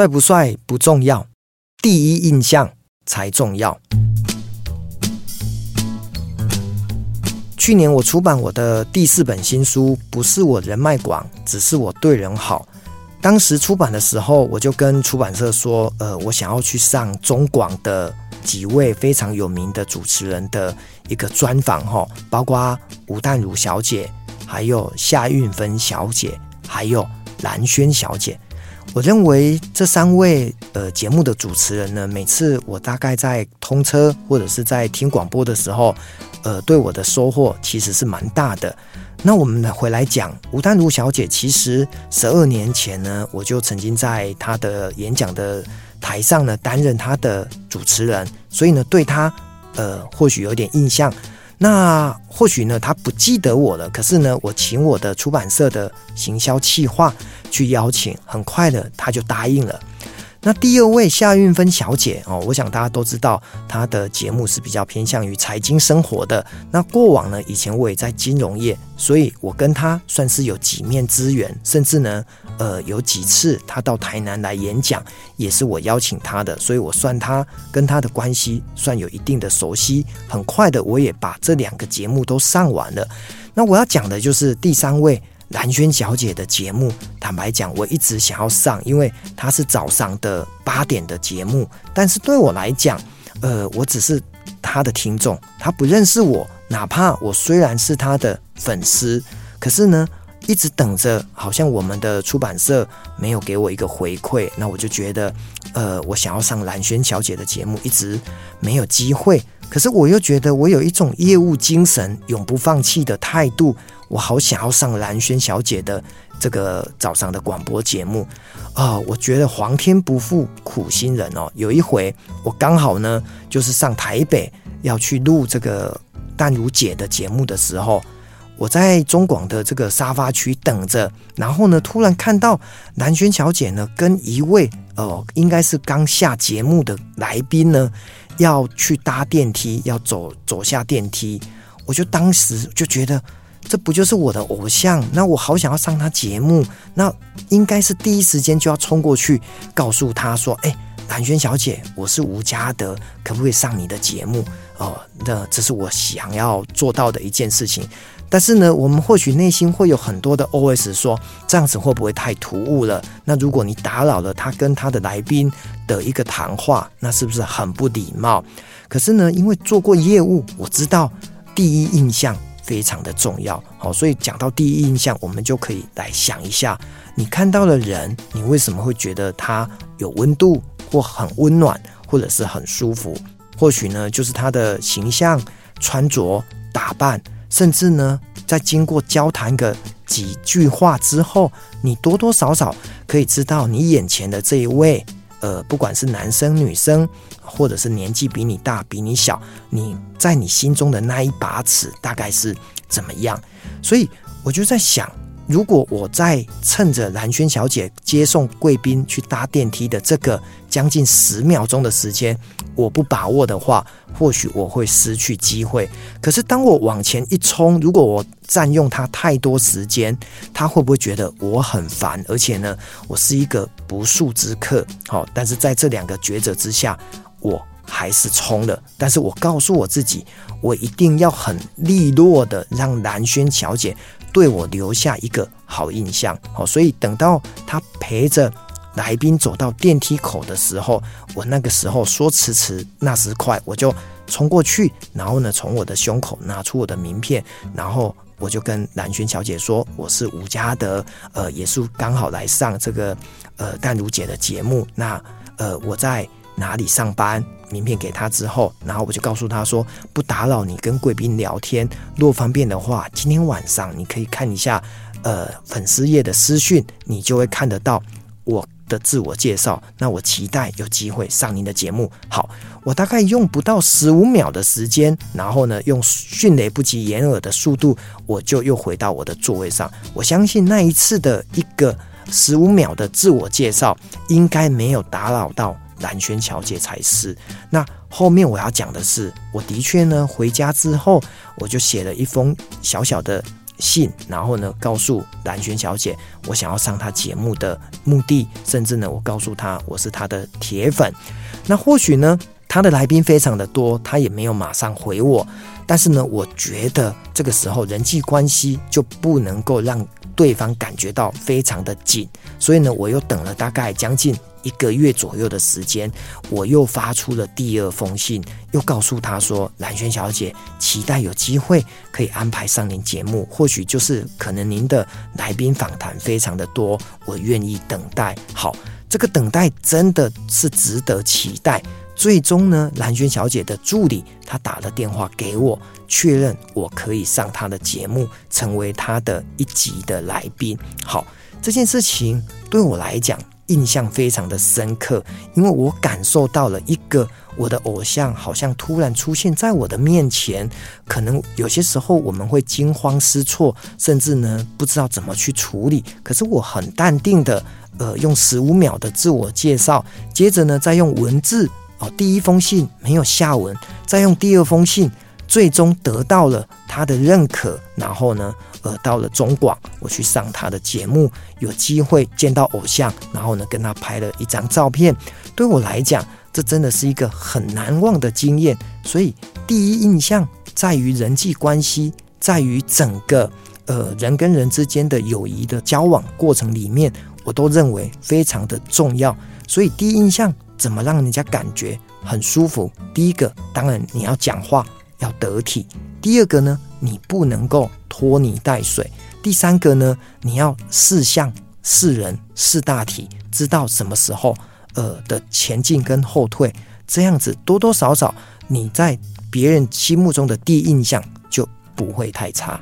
帥不帥不重要，第一印象才重要。去年我出版我的第四本新書，不是我人脈廣，只是我對人好。當時出版的時候，我就跟出版社說：“呃，我想要去上中廣的幾位非常有名的主持人的一個專訪，哈，包括吳淡如小姐，還有夏韻芬小姐，還有蘭萱小姐。”我認為這三位呃節目的主持人呢，每次我大概在通車或者是在聽廣播的時候，呃，對我的收穫其實是蠻大的。那我們呢回來講吳丹如小姐，其實十二年前呢，我就曾經在她的演講的台上呢擔任她的主持人，所以呢對她呃或許有點印象。那或許呢，他不記得我了。可是呢，我請我的出版社的行銷企劃去邀請，很快的他就答應了。那第二位夏韻芬小姐哦，我想大家都知道她的節目是比較偏向於財經生活的。那過往呢，以前我也在金融業，所以我跟她算是有幾面之緣，甚至呢，呃，有幾次她到台南來演講，也是我邀請她的，所以我算她跟她的關係算有一定的熟悉。很快的，我也把這兩個節目都上完了。那我要講的就是第三位。蘭萱小姐的節目，坦白講，我一直想要上，因為她是早上的八點的節目。但是對我來講，呃，我只是她的聽眾，她不認識我，哪怕我雖然是她的粉絲，可是呢，一直等着，好像我們的出版社沒有給我一個回饋，那我就覺得，呃，我想要上蘭萱小姐的節目，一直沒有機會。可是我又覺得，我有一種業務精神，永不放棄的態度。我好想要上蘭萱小姐的這個早上的廣播節目啊、哦！我覺得皇天不負苦心人哦。有一回我剛好呢，就是上台北要去錄這個淡如姐的節目的時候，我在中廣的這個沙發區等着，然後呢，突然看到蘭萱小姐呢跟一位哦、呃，應該是剛下節目的來賓呢，要去搭電梯，要走走下電梯，我就當時就覺得。這不就是我的偶像？那我好想要上他節目，那應該是第一時間就要衝過去，告訴他說：“哎，蘭萱小姐，我是吳家德，可不可以上你的節目？”哦，那這是我想要做到的一件事情。但是呢，我們或許內心會有很多的 OS 說：“這樣子會不會太突兀了？”那如果你打擾了他跟他的來賓的一個談話，那是不是很不禮貌？可是呢，因為做過業務，我知道第一印象。非常的重要，好，所以講到第一印象，我們就可以來想一下，你看到的人，你為什麼會覺得他有溫度，或很溫暖，或者是很舒服？或許呢，就是他的形象、穿着、打扮，甚至呢，在經過交談個幾句話之後，你多多少少可以知道你眼前的這一位。呃，不管是男生女生，或者是年紀比你大、比你小，你在你心中的那一把尺大概是怎麼樣？所以我就在想，如果我在趁着蘭萱小姐接送貴賓去搭電梯的這個將近十秒鐘的時間，我不把握的話，或許我會失去機會。可是當我往前一衝，如果我佔用她太多時間，她會不會覺得我很煩？而且呢，我是一個不速之客。好，但是在這兩個抉擇之下，我還是衝了。但是我告訴我自己，我一定要很利落的讓蘭萱小姐。對我留下一個好印象，好，所以等到他陪着來賓走到電梯口的時候，我那個時候說時遲那時快，我就衝過去，然後呢，從我的胸口拿出我的名片，然後我就跟蘭萱小姐說，我是吳家德，呃，也是剛好來上這個呃淡如姐的節目，那呃我在哪裡上班，名片給他之後，然後我就告訴他說：“不打擾你跟貴賓聊天，如果方便的話，今天晚上你可以看一下，呃，粉絲頁的私訊，你就會看得到我的自我介紹。那我期待有機會上您的節目。好，我大概用不到十五秒的時間，然後呢，用迅雷不及掩耳的速度，我就又回到我的座位上。我相信那一次的一個十五秒的自我介紹，應該沒有打擾到。”蘭萱小姐才是。那後面我要講的是，我的確呢，回家之後我就寫了一封小小的信，然後呢，告訴蘭萱小姐我想要上她節目的目的，甚至呢，我告訴她我是她的鐵粉。那或許呢，她的來賓非常的多，她也沒有馬上回我。但是呢，我覺得這個時候人際關係就不能夠讓。對方感覺到非常的緊，所以呢，我又等了大概將近一個月左右的時間，我又發出了第二封信，又告訴他說：“蘭萱小姐，期待有機會可以安排上您節目，或許就是可能您的來賓訪談非常的多，我願意等待。好，這個等待真的是值得期待。”最終呢，蘭萱小姐的助理她打了電話給我，確認我可以上她的節目，成為她的一集的來賓。好，這件事情對我來講印象非常的深刻，因為我感受到了一個我的偶像好像突然出現在我的面前。可能有些時候我們會驚慌失措，甚至呢不知道怎麼去處理。可是我很淡定的，呃，用十五秒的自我介紹，接着呢再用文字。哦，第一封信沒有下文，再用第二封信，最終得到了他的認可。然後呢，呃，到了中廣，我去上他的節目，有機會見到偶像。然後呢，跟他拍了一張照片。對我來講，這真的是一個很難忘的經驗。所以，第一印象在於人際關係，在於整個呃人跟人之間的友誼的交往過程裡面，我都認為非常的重要。所以，第一印象。怎麼讓人家感覺很舒服？第一個，當然你要講話要得體；第二個呢，你不能夠拖泥帶水；第三個呢，你要識相識人識大體，知道什麼時候呃的前進跟後退，這樣子多多少少你在別人心目中的第一印象就不會太差。